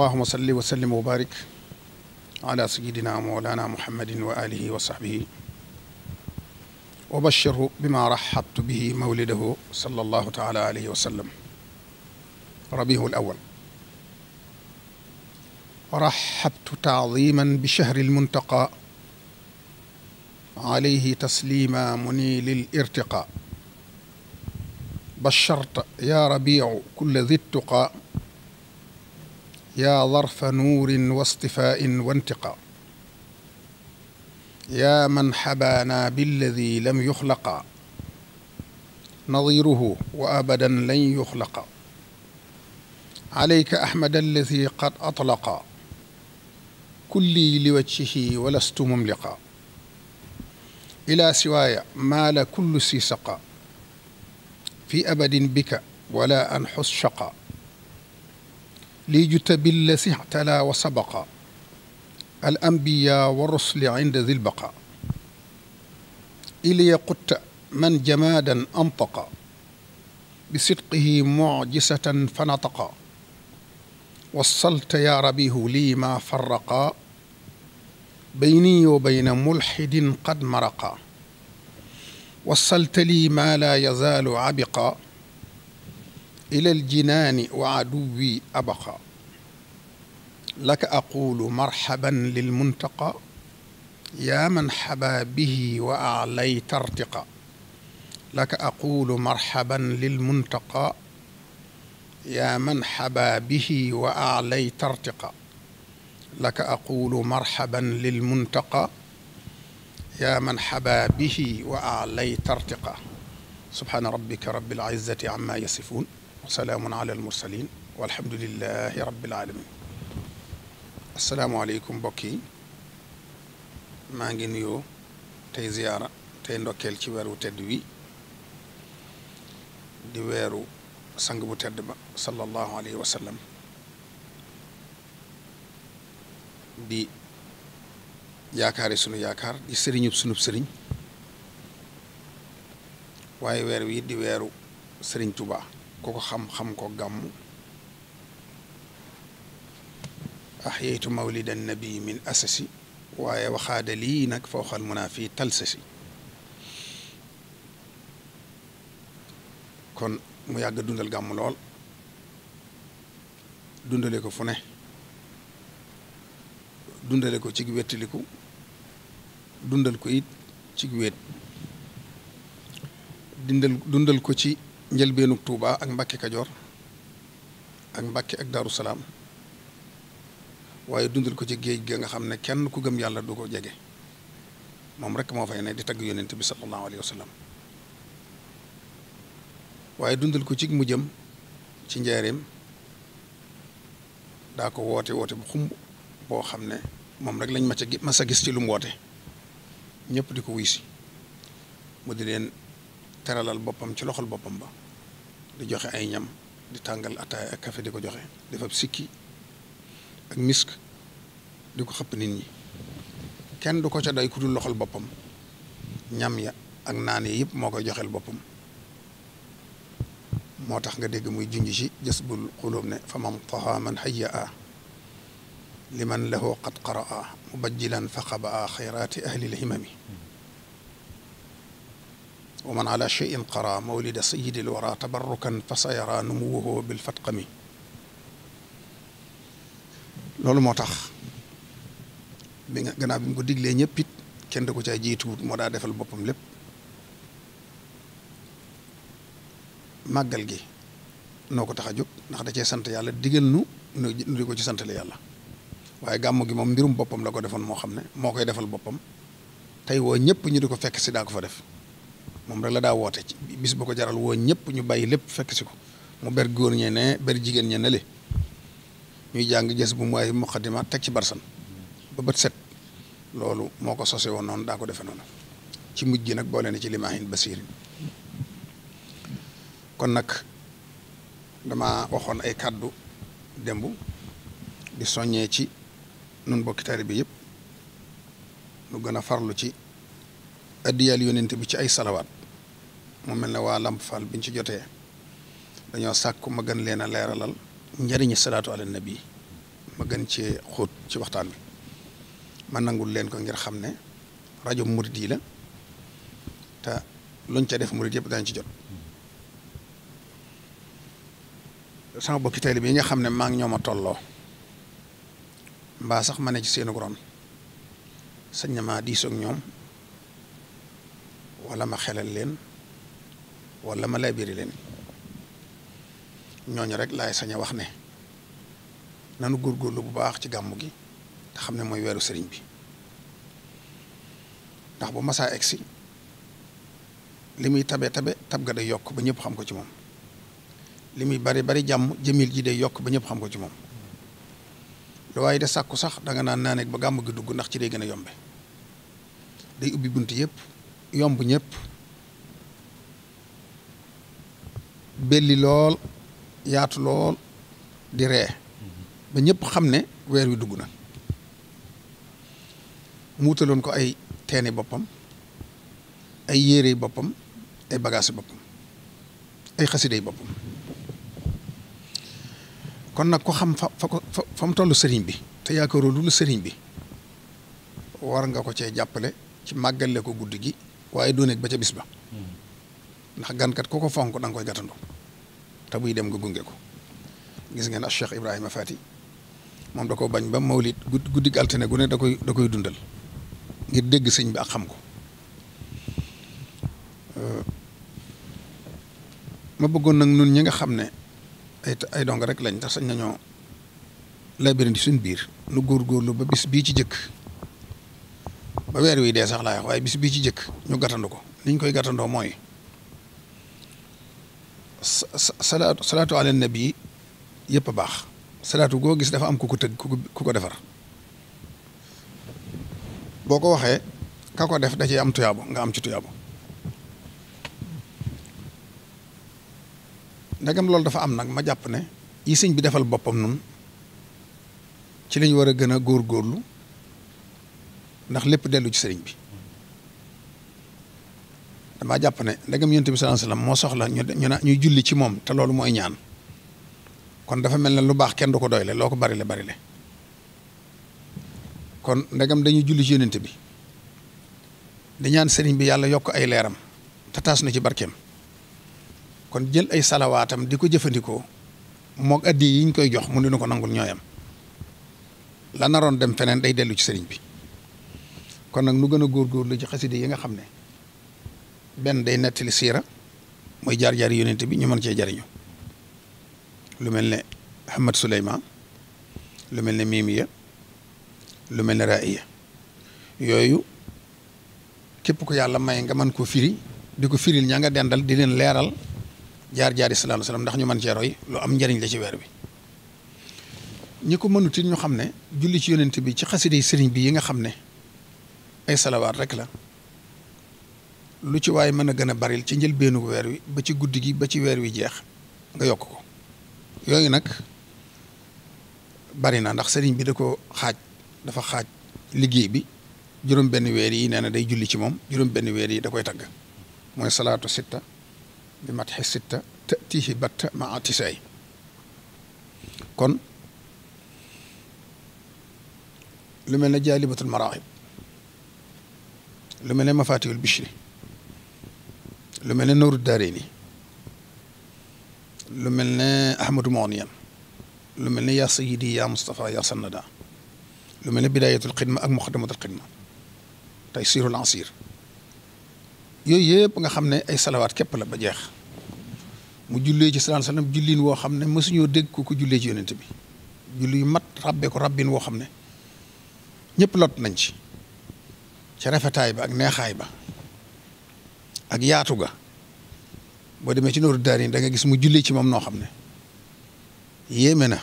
allahuma salli wa sallim wa barik ala sayidina mawlana muhammadin wa alihi wa sahbihi wa bashirhu bima rahabtu bihi mawlidahu sallallahu taala alayhi wa sallam rabihu al awal rahabtu taadiman bi shahri almuntaqa عليه تسليما منيل الارتقاء بشرت يا ربيع كل ذي التقى yaa darfa nuurin wa istifaain wa intiqa yaa man xabaana billadi lam yuxlaqa nadiruhu wa abadan lan yuxlaqa عليك أحمد الذي قد أطلق كلي لوجهه ولست مملقا إلى سواي مال كل سيسقا في أبد بك ولا أنحس شقا ليجت بالذي اعتلى وسبق الأنبياء والرسل عند ذي البقاء إلي قدت من جمادا أنطق بصدقه معجسة فنطقا وصلت يا ربيه لي ما فرقا بيني وبين ملحد قد مرقا وصلت لي ما لا يزال عبقا ilal jinaani wa aduwi abaqa laka aqulu marxaban lil muntaqa yaa man xabaa bihi wa alayta artiqa laka aqulu marxaban lil muntaqa yaa man xabaa bihi wa alayta artiqa laka aqulu marxaban lil muntaqa yaa man xabaa bihi wa alayta artiqa subxaana rabbika rabbil izzati amma yasifuun salaamun ala al mursalin walhamdulilahi rabbil alamin asalaamaaleykum mbokk yi maa ngi nuyoo tey ziyaara tey ndokkeel ci weeru tedd wi di weeru sang bu tedd ba sallallahu alayhi wa sallam di yaakaare sunu yaakaar di sëriñub sunub sëriñ waaye weer wi di weeru sëriñ Tuubaa ku ko xam-xam ko gàmmu axyeytu mawlida nabi min asasi waaye waxaada lii nag fawxal munaa fii talsasi kon mu yàgg dundal gàmm lool dundale ko fu ne dundale ko cig wettiliku dundal ko it cig wet dundal ko ci njëlbeenug Touba ak mbakke Kajoor ak Mbacke ak Darou Salaam waaye dundal ko ci géej gi nga xam ne kenn ku gëm yàlla du ko jege moom rek moo fa ne di tagg yonent bi sallallahu alayhi wa sallam waaye dundal ko ci mu jëm ci njaareem daa ko woote woote bu xumb boo xam ne moom rek lañ ma ca sa gis ci lu mu woote ñëpp di ko wuy si mu di leen teralal boppam ci loxol boppam ba di joxe ay ñam di tàngal ataaya ak café di ko joxe dafa sikki ak misk di ko xëpp nit ñi kenn du ko ca doy ku loxol boppam ñam ya ak naan yi yëpp moo koy joxel boppam moo tax nga dégg muy junj ci jasbul xulóob ne fa man taha man xayya a liman lahu qad qaraa mubajjilan fa xaba a xayraati ahli lhimami wa man ala cheyin qara mawlida sayidil wara tabarrukan fa sa yara numuwuhu bil fatqami loolu moo tax bi nga gannaaw bi mu ko diglee ñëpp it kenn di ko caa jiituwut moo daa defal boppam lépp màggal gi noo ko tax a jóg ndax da cee sant yàlla digal nu nu di ko ci santale yàlla waaye gàmmu gi moom mbirum boppam la ko defoon moo xam ne moo koy defal boppam tey woo ñëpp ñu di ko fekk si daa ko fa def moom rek la daa woote ci bis bu ko jaral woo ñëpp ñu bàyyi lépp fekk si ko mu ber góor ñee ne ber jigéen ñee ne le ñuy jàng gës bu mu waaye muqaddima teg ci barsan ba bët set loolu moo ko sose woon noonu daa ko defe noonu ci mujj gi nag boole na ci limaahin basirin kon nag dama waxoon ay kàddu démb di soññee ci nun bokki taalibe bi yëpp nu gën a farlu ci addiyaal yonent bi ci ay salawaat mu mel ne waa Lamp Fall biñ ci jotee dañoo sàkk ma gën leen a leeralal njëriñu salaatu ala nabi ma gën cee xóot ci waxtaan bi ma nangul leen ko ngir xam ne rajo murid yi la te luñ ca def murid yëpp dañ ci jot sama bokki taalibe yi nga xam ne maa ngi ñoo ma tolloo mbaa sax ma ne ci seenu ron sañ na diisoog ñoom wala ma xelal leen wala ma laabiri leen ñooñu rek laay sañ wax ne nanu góorgóorlu bu baax ci gàmm gi te xam ne mooy weeru sëriñ bi ndax bu masaa egsi li muy tabe tabe tab ga day yokk ba ñëpp xam ko ci moom li muy bari bari jàmm jëmil ji day yokk ba ñëpp xam ko ci moom lu waaye de sàkku sax danga naan naa nekk ba gàmm gi dugg ndax ci day gën a yombe day ubbi bunt yépp yomb ñëpp belli lool yaatu lool di ree ba ñëpp xam ne weer wi dugg na muutaloon ko ay teeni boppam ay yéere boppam ay bagages boppam ay xasiday boppam kon nag ko xam fa fa mu toll sëriñ bi te yaakaaroo lu sëriñ bi war nga ko cee jàppale ci màggale ko guddi gi waaye doo nekk ba ca bis ba hmm. ndax gankat ku ko fonk da nga koy gàttandu te buy dem nga gunge ko gis ngeen ak Cheikh Ibrahima Fati moom da ko bañ ba mawlid guddi altine gu ne da koy da koy dundal ngir dégg sëñ bi ak xam ko euh, ma bëggoon nag nun ñi nga xam ne ay ay dong rek lañ tax sañ nañoo labirindi suñ biir nu góorgóorlu ba bis bii ci jëkk ba weer wii dee sax laay wax waaye bis bii ci jëkk ñu gàttandu ko li ñu koy gàttandoo mooy salaatu salaatu ala nabi yëpp a baax salaatu goo gis dafa am ku ko tëgg ku ko defar boo ko waxee ka ko def da ci am tuyaabu nga am ci tuyaabu ndegam loolu dafa am nag ma jàpp ne yi sëñ bi defal boppam nun ci lañ war a gën a góor góorlu ndax lépp dellu ci sëriñ bi dama jàpp ne ndegam yonent bi sallallahu alayhi moo soxla ñu ñu ñuy julli ci moom te loolu mooy ñaan kon dafa mel ne lu baax kenn du ko doyle loo ko bari le bari le kon ndegam dañuy julli ci yonent bi di ñaan sëriñ bi yàlla yokk ay leeram te taas na ci barkeem kon jël ay salawaatam di ko jëfandikoo moog addi yi ñu koy jox mu ne nu ko nangul ñooyam la naroon dem feneen day dellu ci sëriñ bi. kon nag nu gën a góorgóorlu ci xaside yi nga xam ne benn day nettali siira mooy jaar-jaar yonent bi ñu mën cee jariño lu mel ne Ahmad Suleyman lu mel ne Mimiya lu mel ne Raiya yooyu képp ku yàlla may nga mën koo firi di ko firil ña nga dendal di leen leeral jaar-jaar salaam salaam ndax ñu mën cee roy lu am njariñ la ci weer bi ñi ko mënut it ñu xam ne julli ci yonent bi ci xaside yi sëriñ bi yi nga xam ne ay salawaat rek la lu ci waaye mën a gën a baril ci njëlbeenu weer wi ba ci guddi gi ba ci weer wi jeex nga yokk ko yooyu nag bari naa ndax sëriñ bi da ko xaaj dafa xaaj liggéey bi juróom benn weer yi nee na day julli ci moom juróom benn weer yi da koy tagg mooy salaatu sitta bi matxi sitta tatihi batta ma atisaay kon lu mel ne jaalibatul maraaxib lu mel ne Mafatihul Bichri lu mel ne Nooru Daarayni lu mel ne Ahmadou Moniyan lu mel ne yaa Sayyidi yaa Moustapha yaa Sanada lu mel ne Bidaayatul Xidma ak Muqaddamatul Xidma tey Siirul Ansir yooyu yëpp nga xam ne ay salawaat képp la ba jeex mu jullee ci salaam salaam julliin woo xam ne mësuñoo dégg ko ku jullee ci yonent bi julli mat ràbbee ko ràbbin woo xam ne ñëpp lot nañ ci. ca rafetaay ba ak neexaay ba ak yaatu ga boo demee ci nooru daar yi da gis mu julli ci moom noo xam ne yéeme na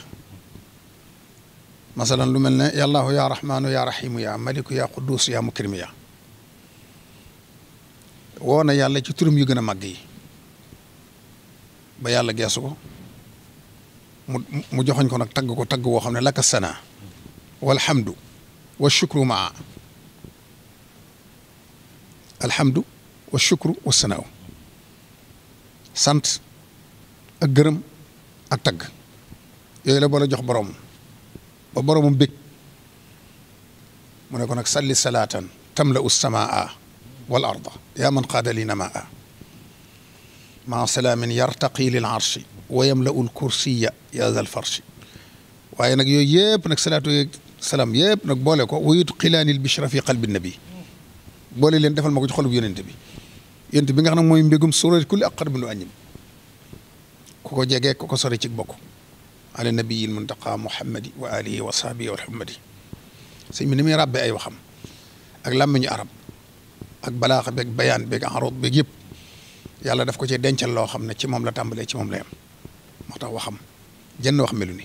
masalan lu mel ne yàllaahu yaa rahmaanu yaa rahimu yaa maliku yaa quddus yaa mukrim yaa woo na yàlla ci turum yu gën màgg yi ba yàlla geesu ko mu joxoñ ko nag tagg ko tagg woo xam ne laka sana walhamdu wa shukru maa alhamdu wa shukru wa sanaaw sant ak gërëm ak tagg yooyu la boole jox borom ba boromum bég mu ne ko nag salli salaatan tamla u samaa wal arda yaa man qaada li namaa maa salaamin yartaqi lil arshi wa yamlau l kursiya yaa zal farshi waaye nag yooyu yëpp nag salaatu yeeg salaam yëpp nag boole ko wayut xilaanil bishra fi qalbi nabi boole leen defal ma ko ci xolub yonent bi yonent bi nga xam ne mooy mbégum sóorat kulli ak xarbin lu aññim ku ko jegee ku ko sori ci bokk ala nabiyil muntaqa muhammadi wa alihi wa sahbihi sëñ ni muy ràbbe ay waxam ak làmmiñu arab ak balaaxa beeg bayaan beeg enroot yàlla daf ko ci dencal loo xam ne ci moom la tàmbalee ci moom la yem moo tax waxam jenn wax melu ni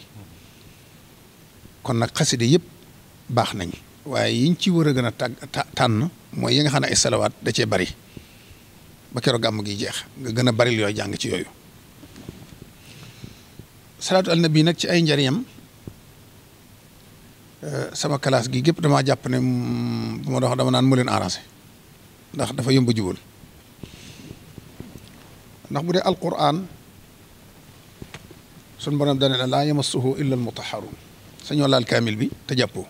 kon nag xaside yëpp baax nañ waaye yiñ ci war a gën a tànn mooy yi nga xam ne ay salawaat da cee bari ba keroog gàmm gi jeex nga gën a bari yooyu jàng ci yooyu salaatu al nabi nag ci ay njariñam euh, sama kalaas gi gépp dama jàpp ne bu ma dox dama naan mu leen ndax dafa yomb jubal ndax bu dee alquran sun borom dane la laa yamassuhu illa almutahharun sañoo laal kaamil bi te jàppoo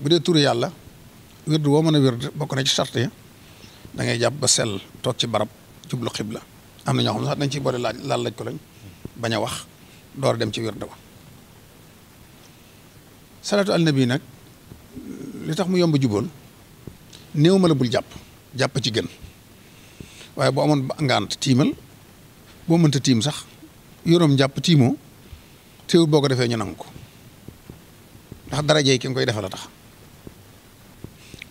bu dee turu yàlla wird woo mën a wird bokk na ci charte yi da ngay jàpp ba sel toog ci barab jublu xibla am na ñoo xam ne sax dañ ciy boole laaj laal laaj ko lañ bañ a wax door dem ci wird ba salaatu alnabi nag li tax mu yomb juboon néew ma la bul jàpp jàpp ci gën waaye boo amoon ba ngaant tiimal boo mënta tiim sax yoroom jàpp tiimoo teewul boo ko defee ñu nangu ko ndax daraje ki nga koy defal la tax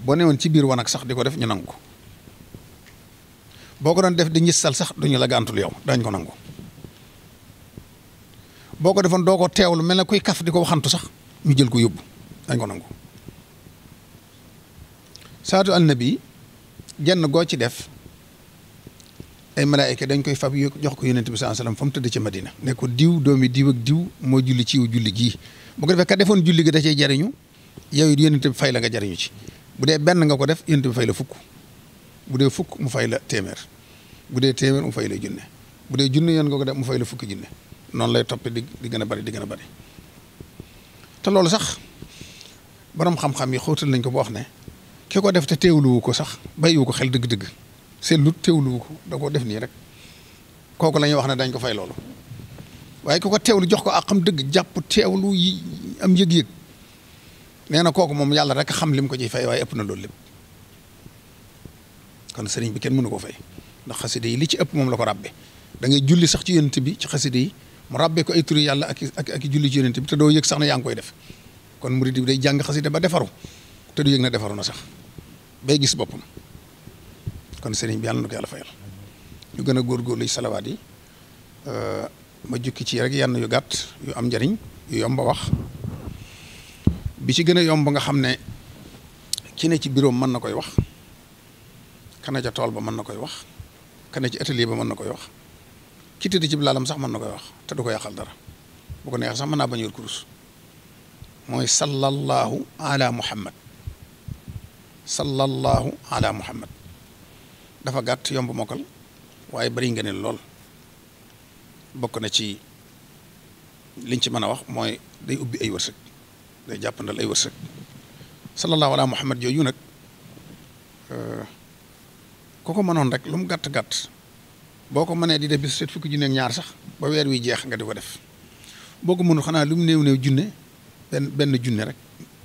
boo newoon ci biir wanag sax di ko def ñu nangu ko boo ko doon def di ñissal sax duñu la gàntul yow dañ ko nangu boo ko defoon doo ko teewlu mel na kuy kaf di ko waxantu sax ñu jël ko yóbbu dañ ko nangu saatu annabi jenn goo ci def ay malaayka dañ koy fab jox ko yonent bi sallallahu alayhi wasallam fa mu tëdd ci Madina ne ko diw doomi diw ak diw moo julli ci julli gii bu ko defee ka defoon julli gi da cee jariñu yow it yonent bi fay la nga jariñu ci bu dee benn nga ko def yonent bi fay la fukk bu dee fukk mu fay la téeméer bu dee téeméer mu fay la junne bu dee junne yoon nga ko def mu fay la fukki junne noonu lay toppee di di gën a bari di gën a bari te loolu sax borom xam-xam yi xóotal nañ ko boo wax ne ki ko def te teewluwu ko sax bàyyiwu ko xel dëgg-dëgg seetlu teewluwu ko da koo def nii rek kooku la wax ne dañ ko fay loolu waaye ki ko teewlu jox ko ak dëgg jàpp teewlu yi am yëg-yëg. nee na kooku moom yàlla rek xam lim ko ciy fay waaye ëpp na loolu lépp kon sëriñ bi kenn mënu ko fay ndax xaside yi li ci ëpp moom la ko ràbbe dangay julli sax ci yonent bi ci xaside yi mu ràbbe ko ay ak ak ak julli ci yonent bi te doo yëg sax na yaa ngi koy def kon murid bi day jàng xaside ba defaru te du yëg na defaru na sax bay gis boppam kon sëriñ bi yàlla na ko yàlla fayal ñu gën a góorgóorlu ci salawaat yi euh, ma jukki ci rek yenn yu gàtt yu am njariñ yu yomb wax bi ci gën a yomb nga xam ne ki ne ci bureau mën na koy wax kana ca tool ba mën na koy wax kana ci atelier ba mën na koy wax ki tëdd ci laalam sax mën na koy wax te du ko yàqal dara bu ko neexee sax mën naa bañ a kurus mooy sallallahu ala muhammad sallallahu ala muhammad dafa gàtt yomb mokkal waaye bari nga ne lool bokk na ci liñ ci mën a wax mooy day ubbi ay wërsëg day ndal ay wërsëg sallallahu ala muhammad jooju nag ku ko mënoon rek lu mu gàtt gàtt boo ko mënee di def bis set fukki junne ñaar sax ba weer wi jeex nga di ko def boo ko mënul xanaa lu mu néew néew junne benn benn junne rek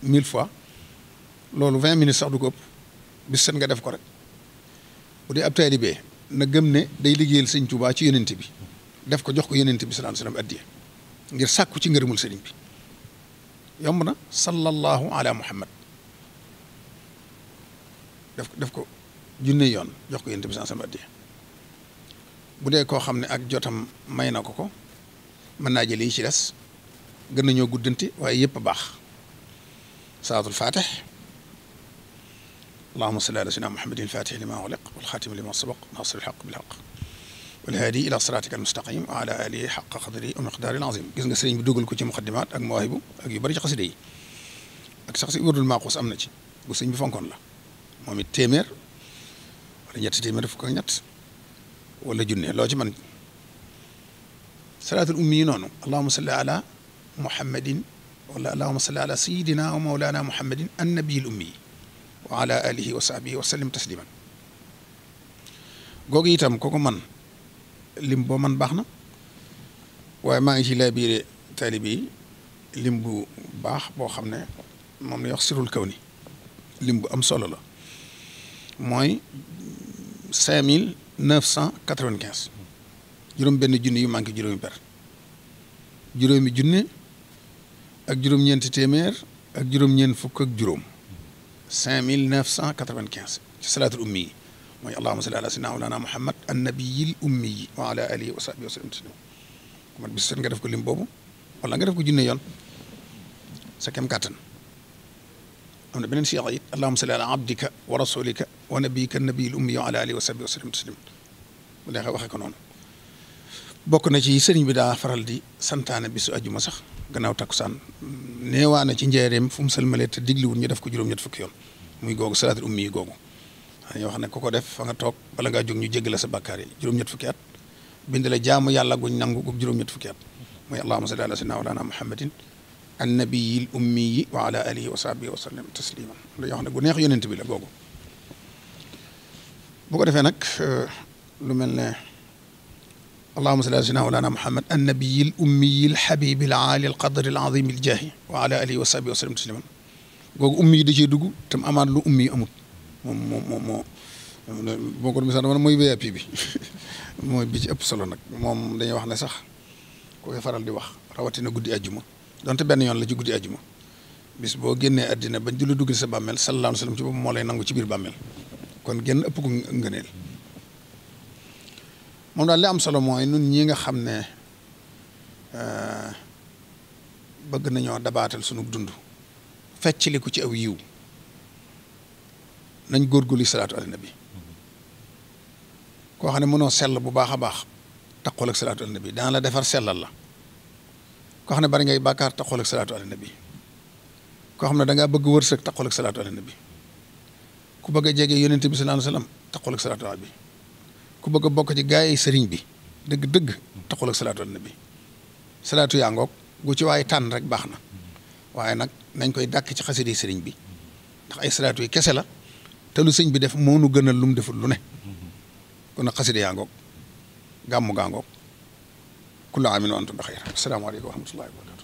mille fois loolu vingt minutes sax du ko ëpp bis set nga def ko rek bu dee ab taalibe na gëm ne day liggéeyal sëñ Tuubaa ci yonent bi def ko jox ko yeneenti bi sallallahu alayhi wasallam addiya ngir sàkku ci ngërëmul sëriñ bi yomb na sallallahu ala muhammad def def ko junne yoon jox ko yénte bi san sama addiya bu dee koo xam ne ak jotam may na ko ko mën naa jël yi ci des gën nañoo guddanti waaye yëpp a baax salaatul fatih allahuma salli ala sayyidina muhammadin al fatih lima uliq wal xaatimi lima sabaq nasiril xaq bil xaq walhaadi ila siraatika almustaqim wa ala alihi xaqa qadri wa miqdaari alazim gis nga sëriñ bi dugal ko ci muqaddimaat ak mawaahibu ak yu bari ci xasida yi ak sax si wurdul maaquus am na ci bu sëñ bi fonkoon la moom it téeméer wala ñetti téeméer fukk ak ñett wala junne loo ci man salaatul ummi yi noonu allahuma salli ala muhammadin wala allahuma salli ala sayidina wa mawlana muhammadin annabiyil ummi wa ala alihi wa sahbihi wa sallim tasliman googu itam kooku man lim boo man baax na waaye maa ngi ci laa biire taalib lim bu baax boo xam ne moom la wax sirul kaw ni lim bu am solo la mooy cinq mille juróom benn junni yu manqué juróomi ber juróomi junni ak juróom-ñeenti téeméer ak juróom-ñeent fukk ak juróom mille neuf cent quatre vingt ci salaatul ummi yi mooy allahuma salli ala sayyidina mawlana muhammad annabiyil ummi wa ala alihi wa sahbihi wa sallam taslim nga def ko lim boobu wala nga def ko junne yoon kem kàttan am na beneen si it allahuma salli ala abdika wa rasulika wa nabiyika annabiyil ummi wa ala alihi wa sahbihi wa ko noonu bokk na ci sëriñ bi daa faral di santaane bisu ajuma sax gannaaw takkusaan neewaa na ci njeereem fu mu sëlmalee te digliwul ñu def ko juróom-ñett fukki yoon muy googu salaatul ummi googu ñoo xam ne ku ko def fa nga toog bala ngaa jóg ñu jégg la sa bàkkaar yi juróom-ñett fukki at bind la jaamu yàlla guñ nangu gu juróom-ñett fukki at mooy allahuma salli ala sayyidina walana muhammadin annabiyil ummiyi wa ala alihi wa sahbihi wa sallam tasliman la yoo xam ne gu neex yonent bi la googu bu ko defee nag euh, lu mel ne allahuma salli ala sayyidina walana muhammad annabiyil ummiyil habibil aali al qadri al azim al jaahi wa ala alihi wa sahbihi wa sallam tasliman googu ummi yi da cee dugg tam amaat lu ummi yi amut moom moom moom moo boo ko doon misaal dama ne mooy VIP bi mooy bi ci ëpp solo nag moom dañuy wax ne sax ku koy faral di wax rawatina guddi àjjuma donte benn yoon la ci guddi àjjuma bis boo génnee àddina ba di la dugg sa bàmmeel sallallahu alayhi wa sallam ci moo lay nangu ci biir bàmmeel kon génn ëpp ko ngëneel moom daal li am solo mooy nun ñi nga xam ne euh, bëgg nañoo dabaatal sunu dund fecciliku ci aw yiw nañ góorgóorlu salaatu ala nabi koo xam ne mënoo sell bu baax a baax taxool ak salaatu ala nabi dana la defar sellal la koo xam ne bari ngay bàkkaar taxool ak salaatu ala koo xam ne danga ngaa bëgg wërsëg taxool ak salaatu ala nabi ku bëgg a jege yonent bi sallallahu alayhi wasallam taxool ak salaatu ala ku bëgg a bokk ci gaay yi sëriñ bi dëgg-dëgg taxool ak salaatu ala bi salaatu yaa ngoog gu ci waaye tànn rek baax na waaye nag nañ koy dàkk ci xasidi sëriñ bi ndax ay salaatu kese la te lu sëñ bi def moo nu gënal lu mu deful lu ne kon nag xasida yaa ngoog gàmmu gaa ngoog kullu aamin wa antum bi xayr